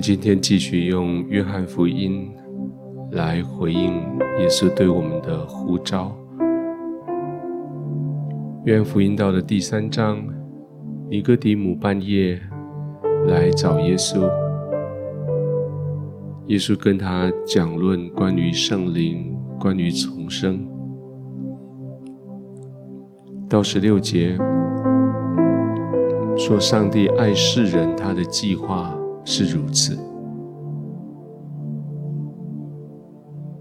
今天繼續用《約翰福音》來回應，耶穌對我們的呼召。《約翰福音》到的第三章，尼哥底母半夜來找耶穌，耶穌跟他講論關於聖靈、關於重生。到十六節，說上帝愛世人，他的計劃。是如此。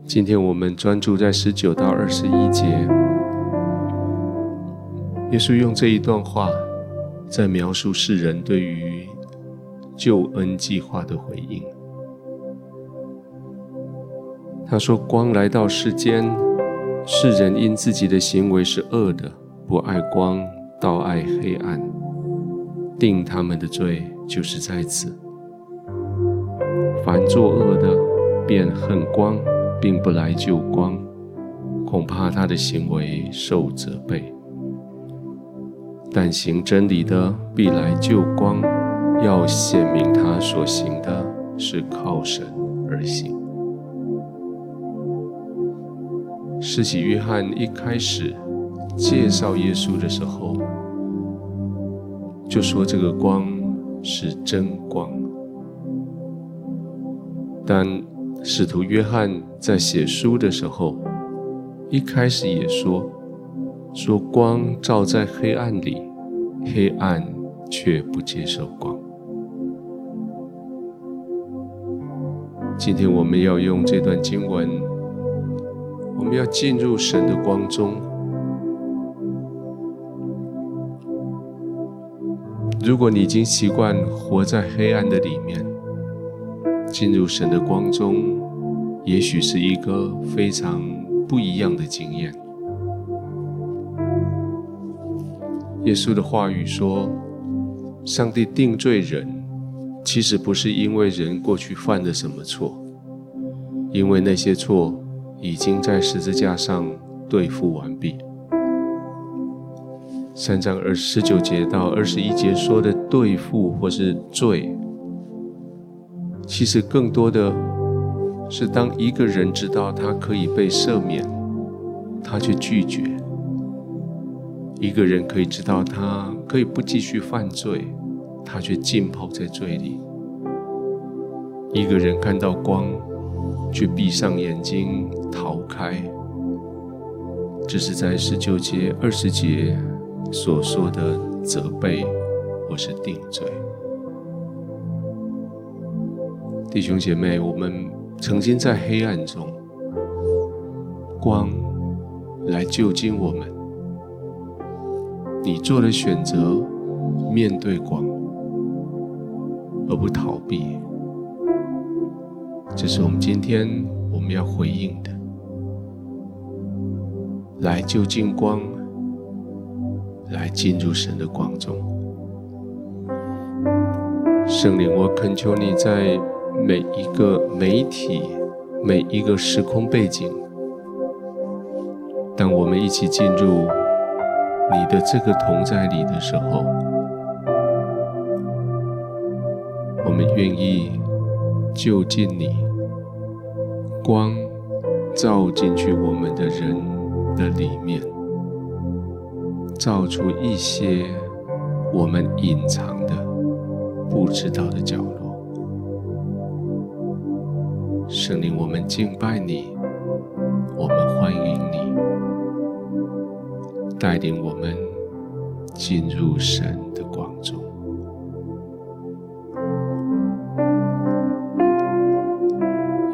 今天我們專注在十九到二十一節，耶穌用這一段話在描述世人對於救恩計劃的回應。他說：“光來到世間，世人因自己的行為是惡的，不愛光，倒愛黑暗。定他們的罪就是在此。”凡作惡的，便恨光，並不來就光，恐怕他的行為受責備；但行真理的，必來就光，要顯明他所行的，是靠神而行。世襲約翰一開始介紹耶穌的時候，就說這個光是真光。但使徒約翰在寫書的時候，一開始也說：“說光照在黑暗裡，黑暗卻不接受光。”今天我們要用這段經文，我們要進入神的光中。如果你已經習慣活在黑暗的裡面，進入神的光中，也許是一個非常不一樣的經驗。耶穌的話語說：“上帝定罪人，其實不是因為人過去犯了什麼錯，因為那些錯已經在十字架上對付完畢。”三章十九節到二十一節說的對付或是罪。其實更多的是，當一個人知道他可以被赦免，他卻拒絕；一個人可以知道他可以不繼續犯罪，他卻浸泡在罪裡；一個人看到光，卻閉上眼睛逃開。這是在十九節、二十節所說的責備或是定罪。弟兄姐妹，我們曾經在黑暗中，光來就近我們。你做了選擇，面對光而不逃避，這是我們今天我們要回應的。來就近光，來進入神的光中。聖靈，我懇求你在。每一個媒體，每一個時空背景，當我們一起進入你的這個同在裡的時候，我們願意就近你，光照進去我們的人的裡面，照出一些我們隱藏的、不知道的角落。聖靈，我們敬拜你，我們歡迎你，帶領我們進入神的光中。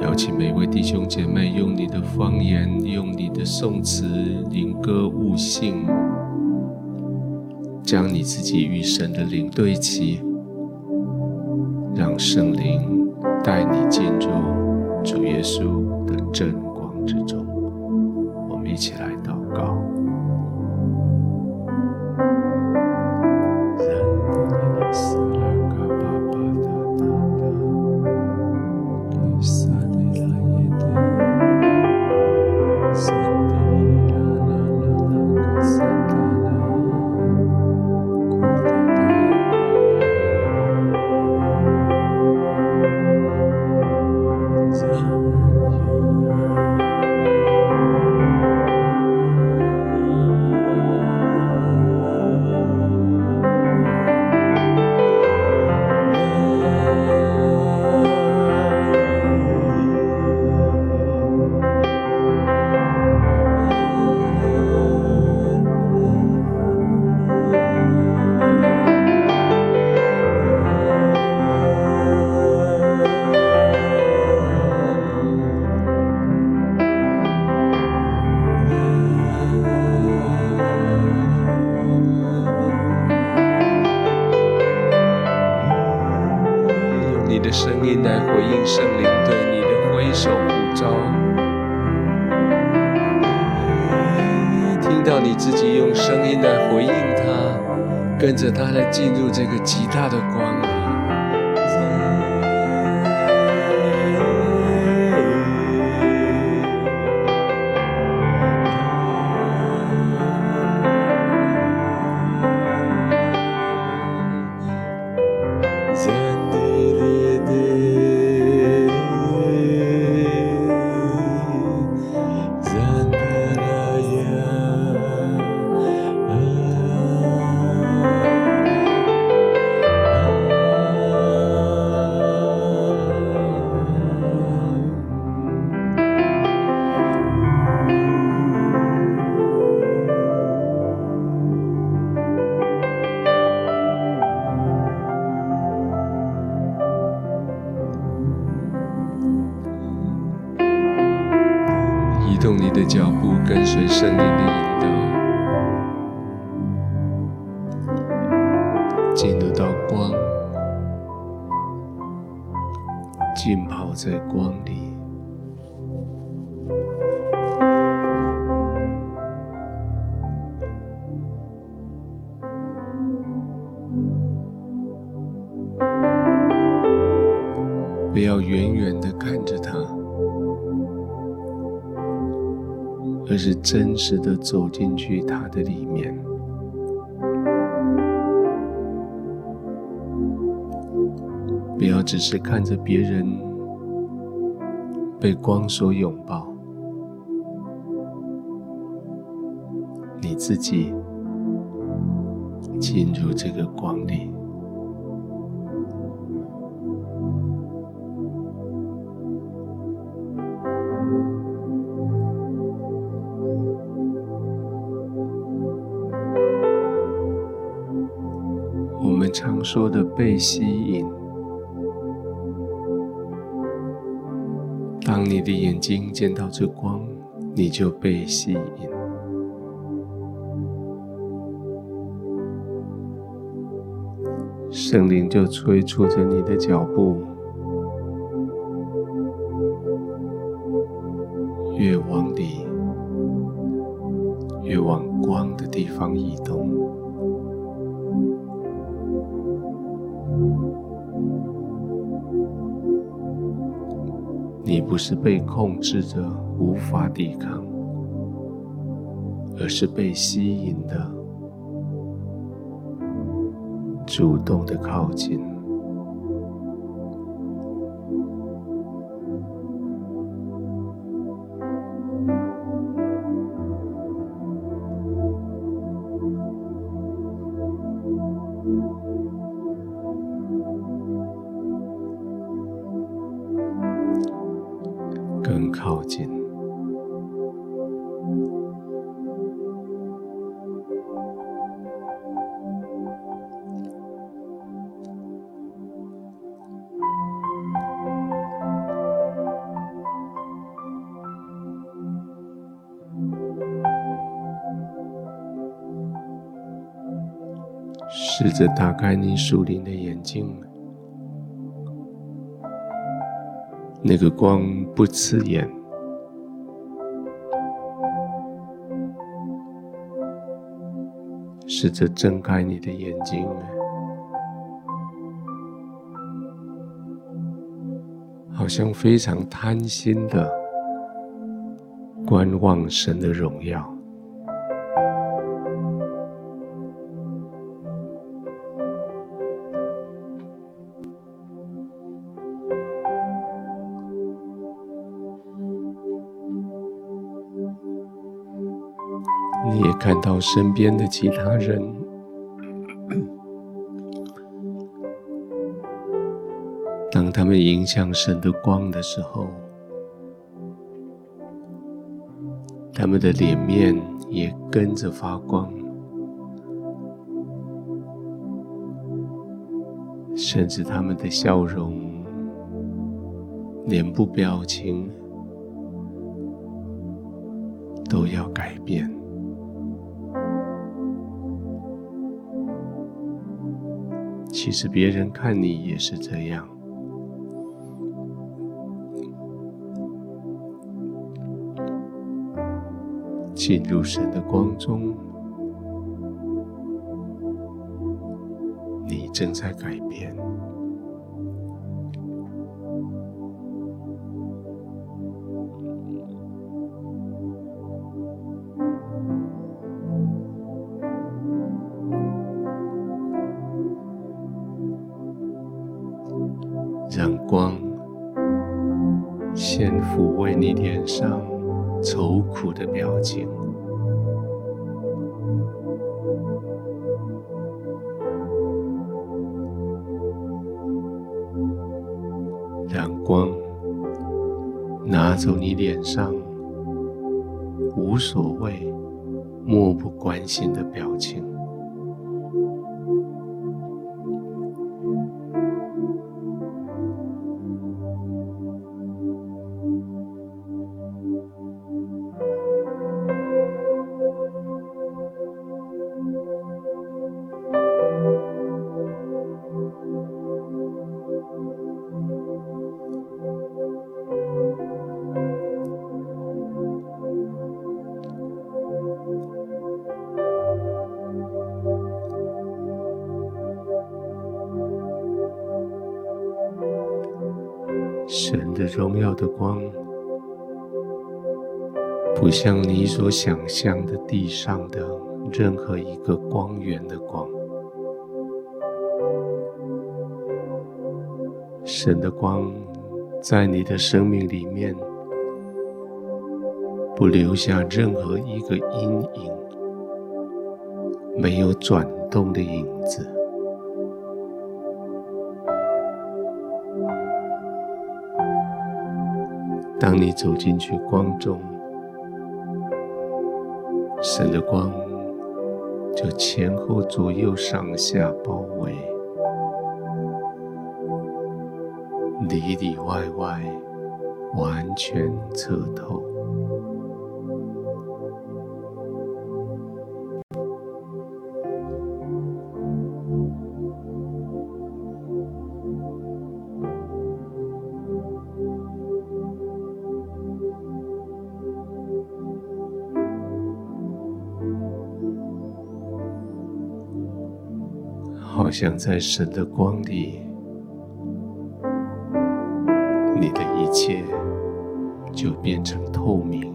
有請每位弟兄姐妹用你的方言、用你的頌詞、靈歌悟性，將你自己與神的靈對齊，讓聖靈帶你進入。主耶穌的真光之中，我們一起來禱告。着，聽到你自己用聲音來回應他，跟着他來進入這個極大的光。浸泡在光裡，不要遠遠的看着祂，而是真實的走進去祂的裡面。不要只是看着別人被光所擁抱，你自己進入這個光裡。我們常說的被吸引。你的眼睛見到這光，你就被吸引，聖靈就催促着你的腳步，越往裡，越往光的地方移動。你不是被控制着無法抵抗，而是被吸引的，主動的靠近。試着打開你樹林的眼睛，那個光不刺眼。試着睜開你的眼睛，好像非常貪心的觀望神的榮耀。我身邊的其他人，當他們迎向神的光的時候，他們的臉面也跟着發光，甚至他們的笑容、臉部表情。其實別人看你也是這樣。進入神的光中，你正在改變。榮耀的光，不像你所想象的地上的任何一個光源的光。神的光在你的生命裡面，不留下任何一個陰影，沒有轉動的影子。當你走進去光中，神的光就前後左右上下包圍，裡裡外外完全側透。想在神的光裡，你的一切就變成透明，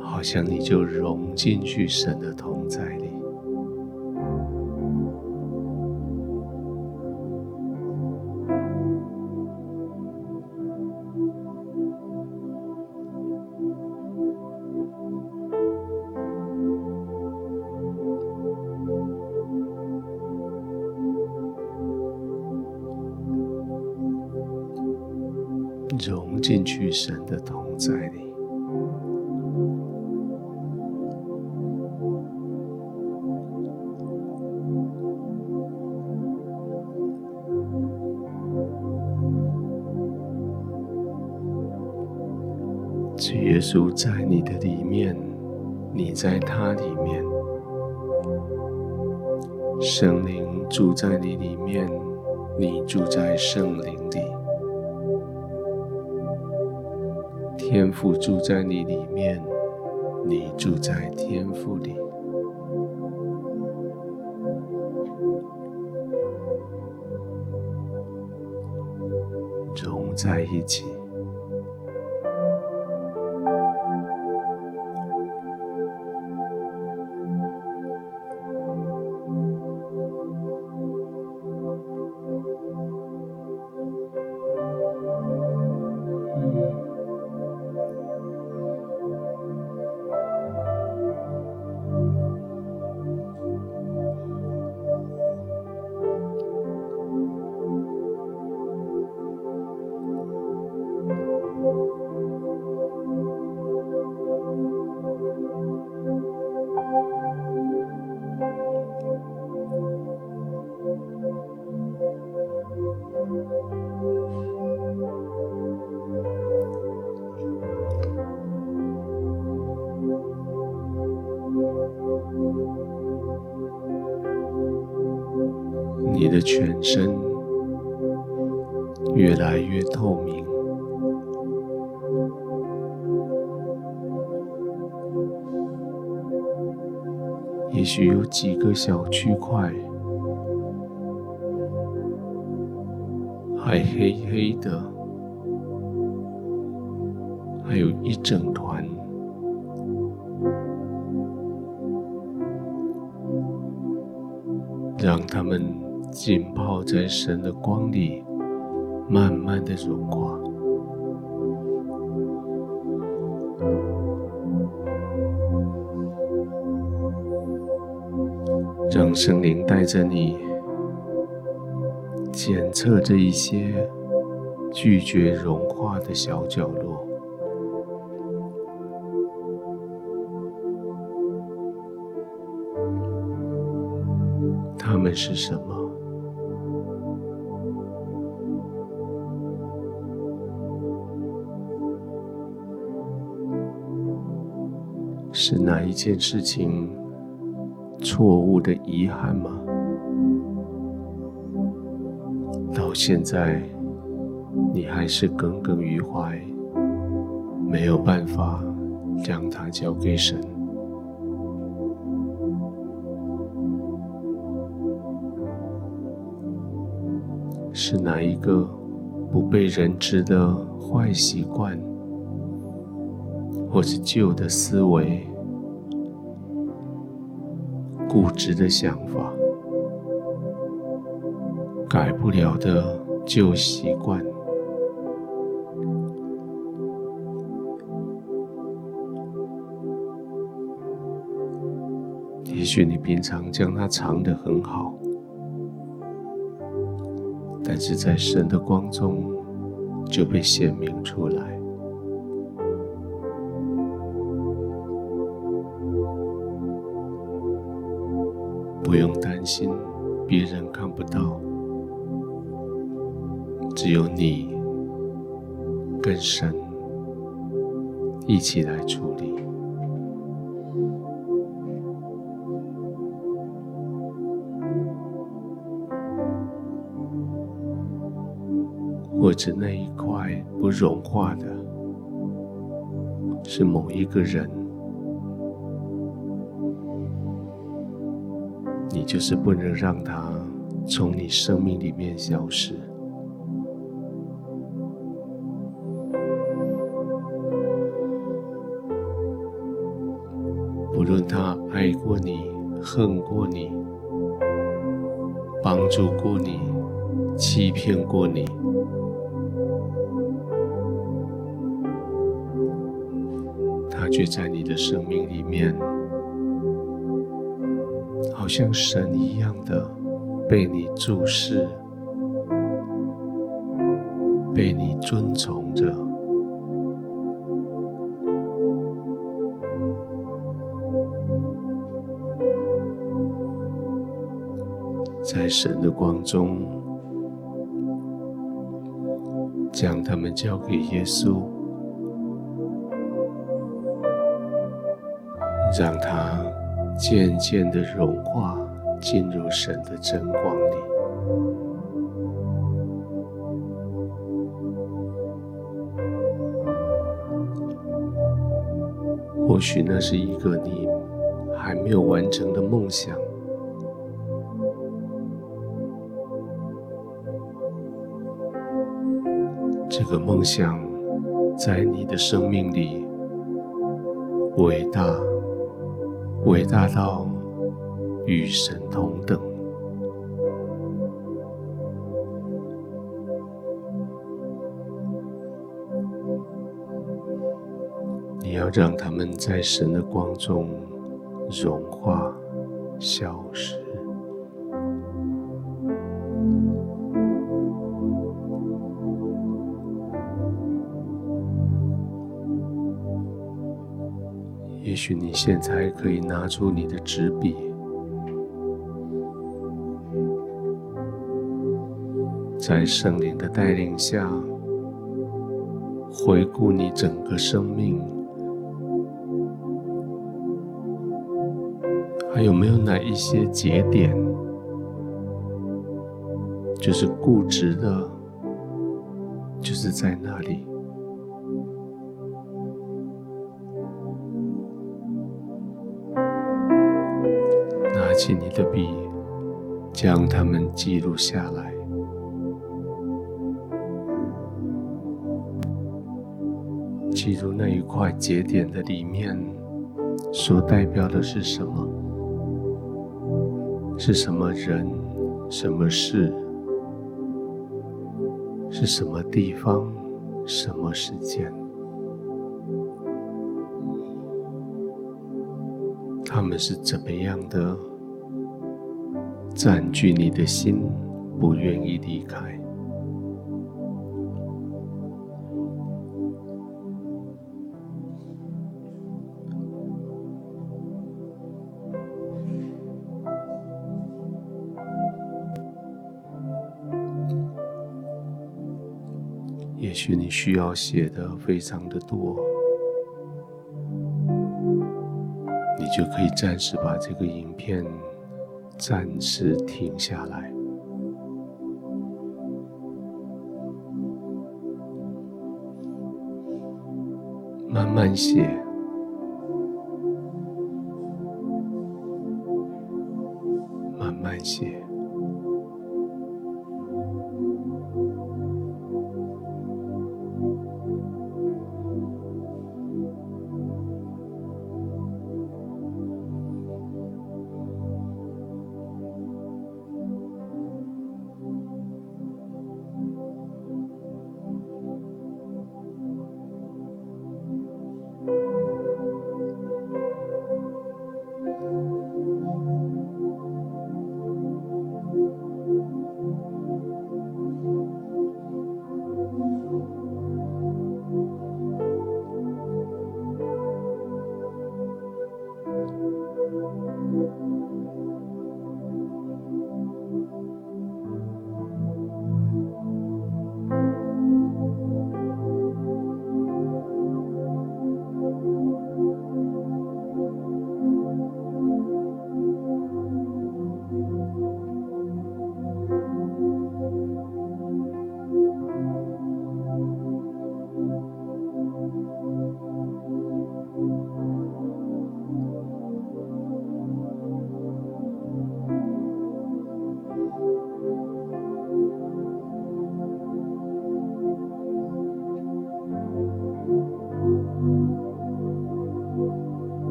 好像你就融進去神的同在裡，進去神的同在裡，主耶穌在你的裡面，你在祂裡面，聖靈住在你裡面，你住在聖靈裡。天父住在你裡面，你住在天父裡，融在一起。全身越來越透明，也許有幾個小區塊還黑黑的，還有一整團，讓他們。浸泡在神的光裡，慢慢的融化。讓聖靈帶着你檢測這一些拒絕融化的小角落，它們是什麼？是哪一件事情錯誤的遺憾嗎？到現在你還是耿耿於懷，沒有辦法將它交給神？是哪一個不被人知的壞習慣，或是舊的思維？固執的想法，改不了的舊習慣，也許你平常將它藏得很好，但是在神的光中就被顯明出來。不用擔心別人看不到，只有你跟神一起來處理。或者那一塊不融化的，是某一個人。就是不能讓他從你生命裡面消失。不論他愛過你、恨過你、幫助過你、欺騙過你，他卻在你的生命裡面。像神一樣的被你注視，被你尊崇着，在神的光中，將他們交給耶穌，讓他，漸漸的融化，進入神的真光裡。或許那是一個你還沒有完成的夢想。這個夢想在你的生命裡偉大。偉大到與神同等，你要讓他們在神的光中融化、消失。也許你現在可以拿出你的紙筆，在聖靈的帶領下，回顧你整個生命，還有沒有哪一些節點，就是固執的，就是在那裡。的筆將它們記錄下來，記錄那一塊節點的裡面所代表的是什麼？是什麼人？什麼事？是什麼地方？什麼時間？他們是怎麼樣的？佔據你的心，不願意離開。也許你需要寫的非常的多，你就可以暫時把這個影片。暫時停下來，慢慢寫，慢慢寫。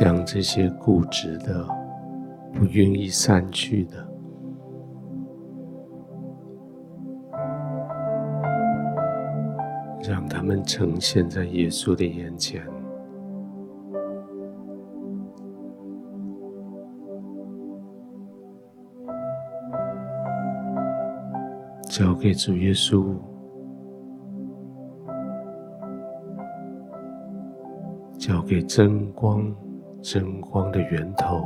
將這些固執的、不願意散去的，讓他們呈現在耶穌的眼前，交給主耶穌，交給真光。真光的源頭，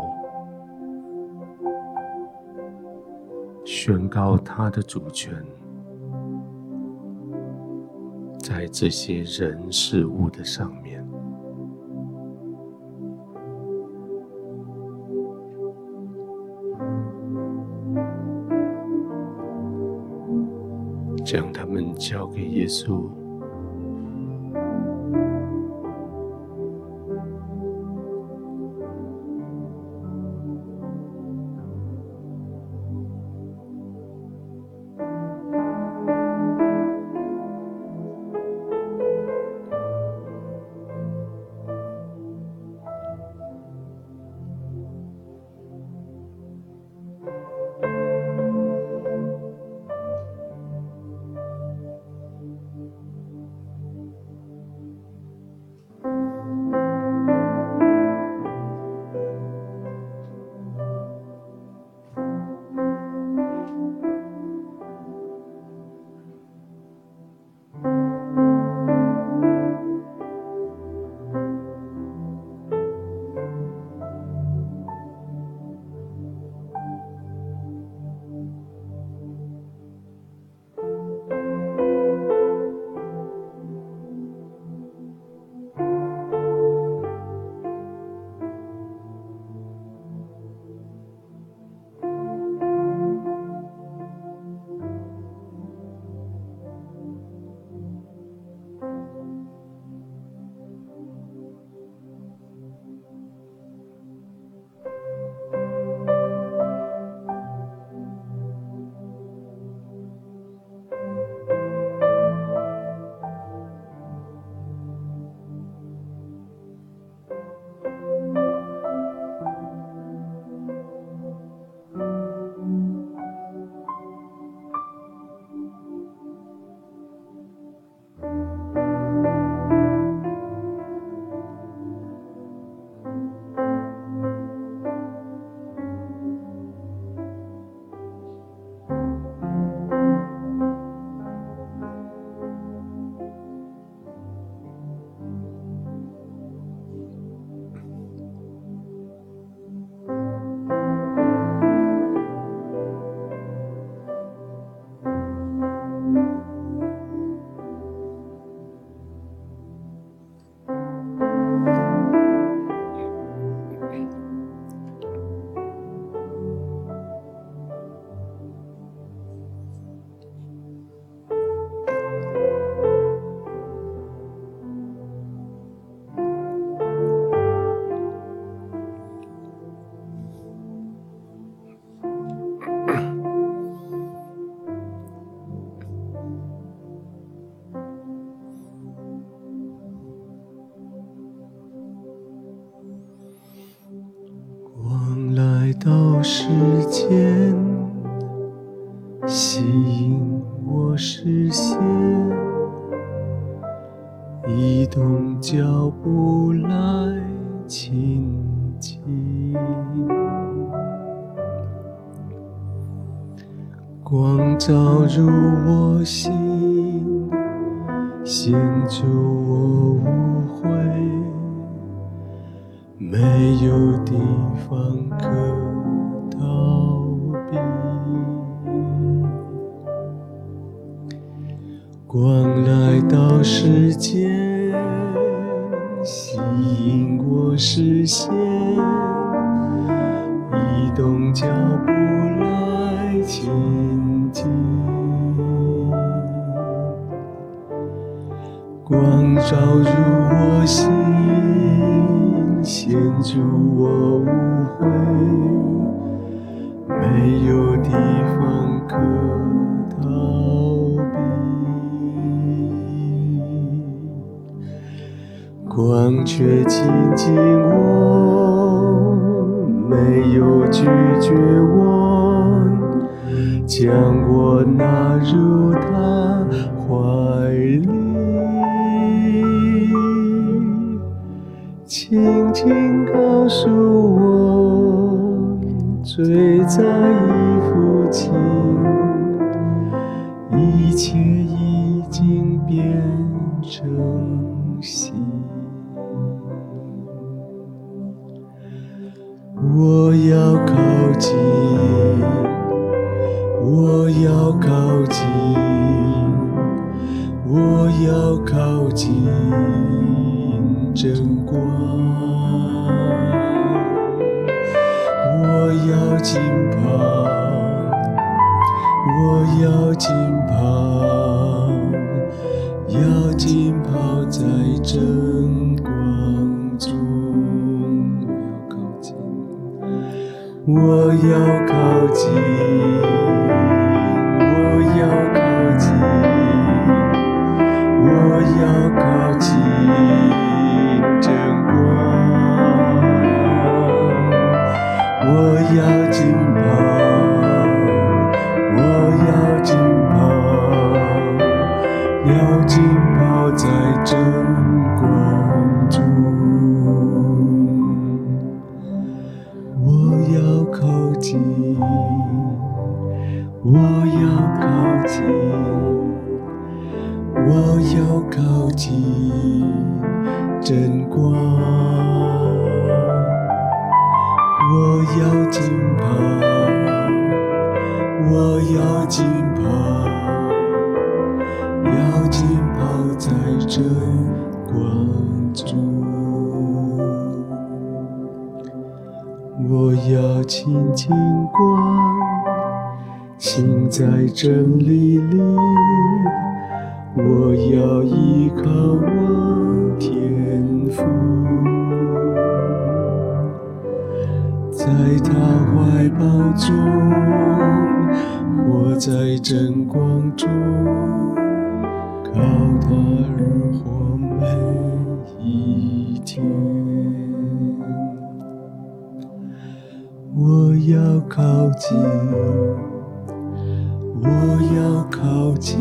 宣告他的主權在這些人事物的上面，將他們交給耶穌。入我心，牽住我無悔，沒有地方可逃避。光來到世間，吸引我視線，移動腳步來親近。光照入我心，顯出我無悔，沒有地方可逃避。光卻親近我，沒有拒絕我，將我納入他懷裡。輕輕告訴我，最在意夫妻，一切已經變成心。我要靠近，我要靠近，我要靠近。真光！我要浸泡，我要浸泡，要浸泡在真光中。我要靠近，我要靠近，我要靠近。我要浸泡，要浸泡在這光中。我要親近光，心在真理裡。我要依靠我天父，在他懷抱中。我在真光中靠祂而活每一天。我要靠近，我要靠近，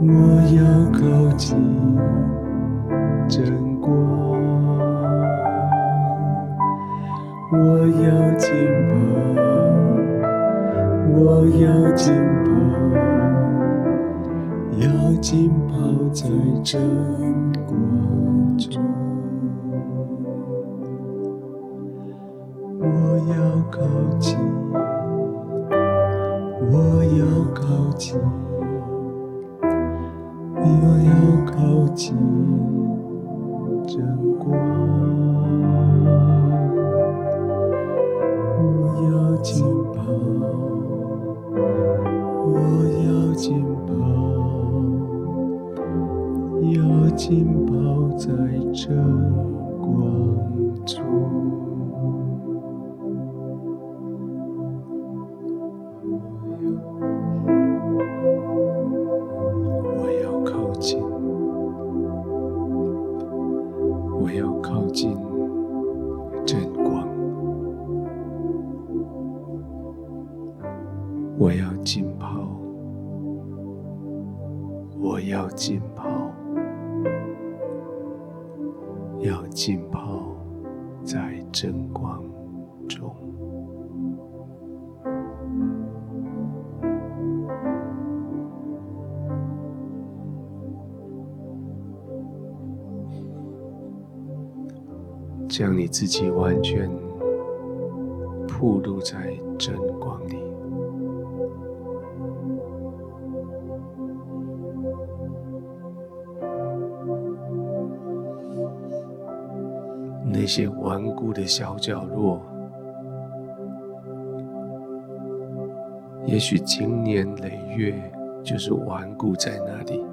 我要靠近真光。我要靠近。我要浸泡，要浸泡在真光中。我要靠近，我要靠近，我要靠近浸泡在這。將你自己完全暴露在真光裡。那些頑固的小角落，也許經年累月，就是頑固在那裡。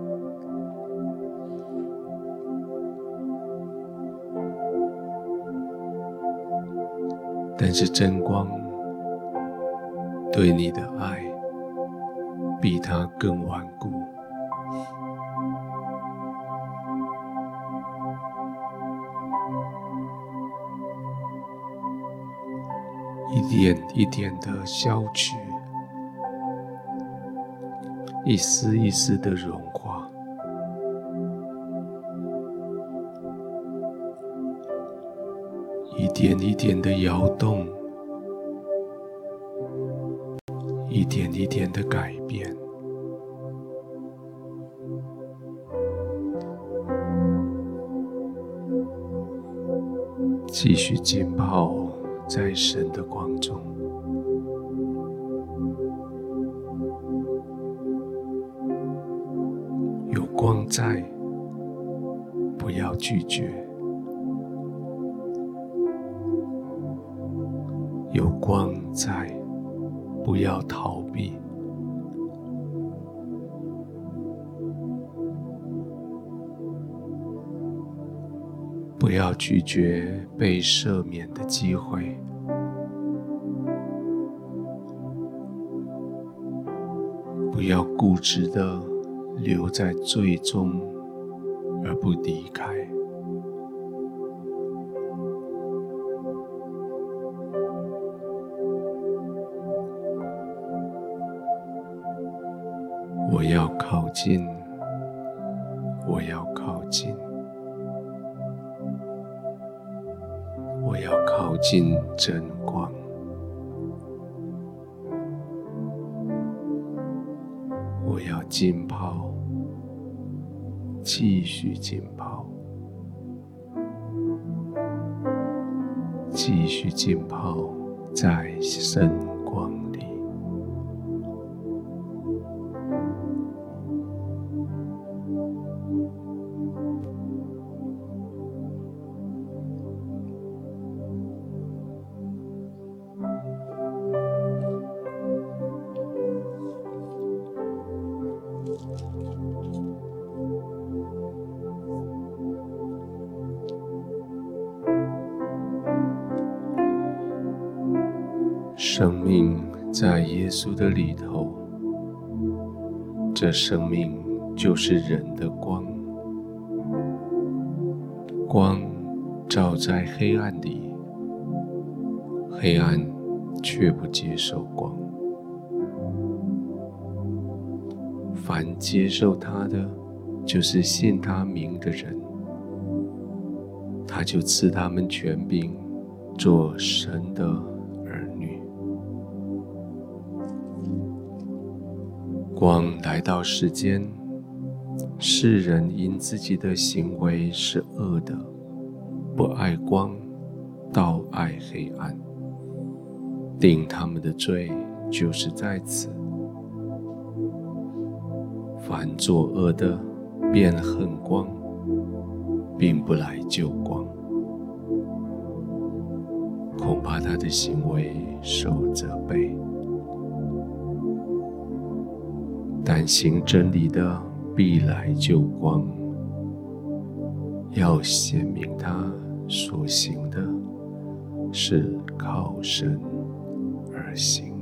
是真光對你的愛，比他更頑固，一點一點的消去，一絲一絲的融化。一點一點的搖動，一點一點的改變，繼續浸泡在神的光中。有光在，不要拒絕。光在，不要逃避，不要拒絕被赦免的機會，不要固執的留在罪中而不離開。繼續浸泡，繼續浸泡在神光。穌的裡頭，這生命就是人的光，光照在黑暗裡，黑暗卻不接受光。凡接受他的，就是信他名的人，他就賜他們權柄，做神的。光來到世間，世人因自己的行為是惡的，不愛光，倒愛黑暗。定他們的罪就是在此。凡作惡的，便恨光，並不來就光。恐怕他的行為受責備。但行真理的必來就光，要顯明他所行的是靠神而行。